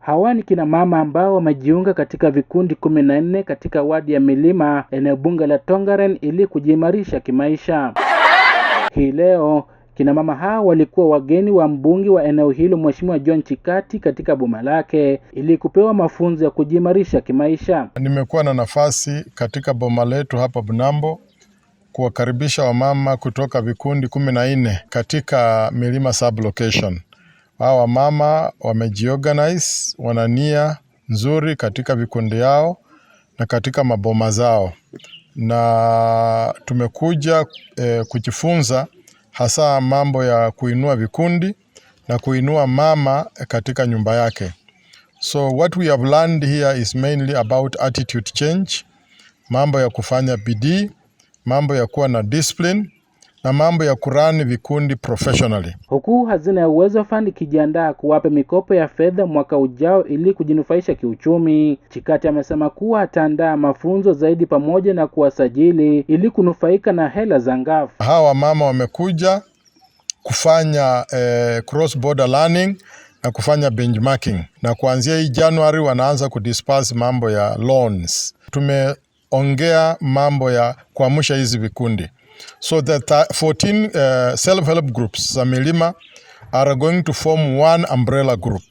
Hawa ni kina mama ambao wamejiunga katika vikundi kumi na nne katika wadi ya Milima, eneo bunge la Tongaren ili kujiimarisha kimaisha. Hii leo kina mama hao walikuwa wageni wa mbunge wa eneo hilo Mheshimiwa John Chikati katika boma lake ili kupewa mafunzo ya kujiimarisha kimaisha. Nimekuwa na nafasi katika boma letu hapa Bunambo kuwakaribisha wamama kutoka vikundi kumi na nne katika Milima Sub Location. Hawa wamama wamejiorganize, wana nia nzuri katika vikundi yao na katika maboma zao, na tumekuja e, kujifunza hasa mambo ya kuinua vikundi na kuinua mama katika nyumba yake. So what we have learned here is mainly about attitude change, mambo ya kufanya bidii, mambo ya kuwa na discipline na mambo ya kurani vikundi professionally. Huku hazina ya uwezo fund ikijiandaa kuwapa mikopo ya fedha mwaka ujao ili kujinufaisha kiuchumi. Chikati amesema kuwa ataandaa mafunzo zaidi pamoja na kuwasajili ili kunufaika na hela za ngafu. Hawa mama wamekuja kufanya eh, cross border learning na kufanya benchmarking, na kuanzia hii Januari wanaanza kudisperse mambo ya loans. Tumeongea mambo ya kuamsha hizi vikundi. So the 14 uh, self-help groups za milima are going to form one umbrella group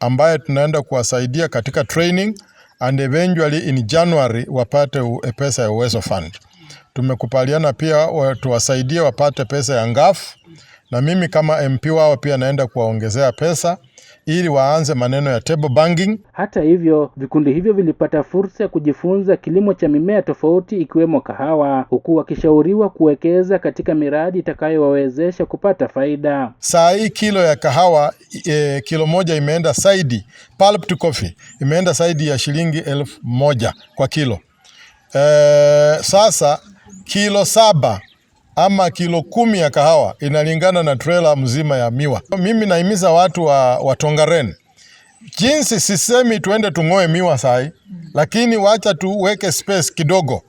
ambayo tunaenda kuwasaidia katika training and eventually in January wapate eh, pesa ya Uwezo Fund. Tumekubaliana pia tuwasaidie wapate pesa ya ngafu na mimi kama MP wao pia naenda kuwaongezea pesa ili waanze maneno ya table banking. Hata hivyo, vikundi hivyo vilipata fursa ya kujifunza kilimo cha mimea tofauti ikiwemo kahawa, huku wakishauriwa kuwekeza katika miradi itakayowawezesha kupata faida. Saa hii kilo ya kahawa e, kilo moja imeenda saidi, pulp to coffee imeenda saidi ya shilingi elfu moja kwa kilo. E, sasa kilo saba ama kilo kumi ya kahawa inalingana na trela mzima ya miwa. Mimi nahimiza watu wa, wa Tongaren jinsi, sisemi tuende tung'oe miwa sai, lakini wacha tuweke space kidogo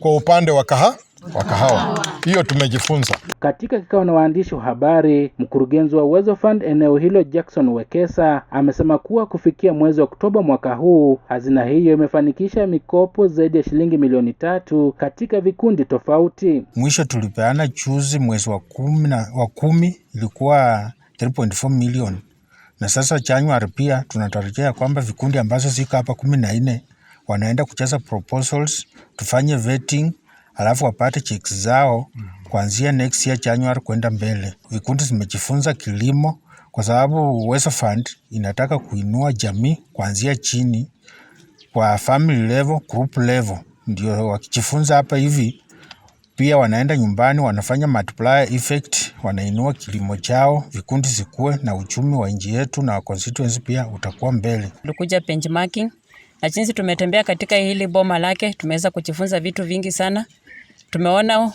kwa upande wa kaha, wa kahawa hiyo tumejifunza. Katika kikao na waandishi wa habari, mkurugenzi wa Uwezo Fund eneo hilo Jackson Wekesa amesema kuwa kufikia mwezi Oktoba mwaka huu, hazina hiyo imefanikisha mikopo zaidi ya shilingi milioni tatu katika vikundi tofauti. Mwisho tulipeana chuzi mwezi wa kumi, na wa kumi ilikuwa 3.4 milioni na sasa Januari pia tunatarajia kwamba vikundi ambazo ziko hapa kumi na nne wanaenda kucheza proposals, tufanye vetting halafu wapate checks zao kuanzia next year January kwenda mbele. Vikundi zimejifunza kilimo kwa sababu Uwezo Fund inataka kuinua jamii kuanzia chini kwa family level, group level. Ndio wakijifunza hapa hivi, pia wanaenda nyumbani wanafanya multiplier effect, wanainua kilimo chao, vikundi zikue na uchumi wa nchi yetu na constituency pia utakuwa mbele. Tulikuja benchmarking na jinsi tumetembea katika hili boma lake, tumeweza kujifunza vitu vingi sana. Tumeona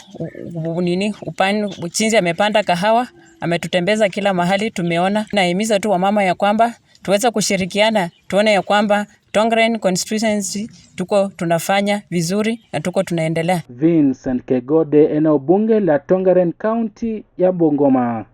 nini upande jinsi amepanda kahawa, ametutembeza kila mahali tumeona. Nahimiza tu wamama ya kwamba tuweze kushirikiana, tuone ya kwamba Tongaren constituency tuko tunafanya vizuri na tuko tunaendelea. Vincent Kegode, eneo bunge la Tongaren County ya Bungoma.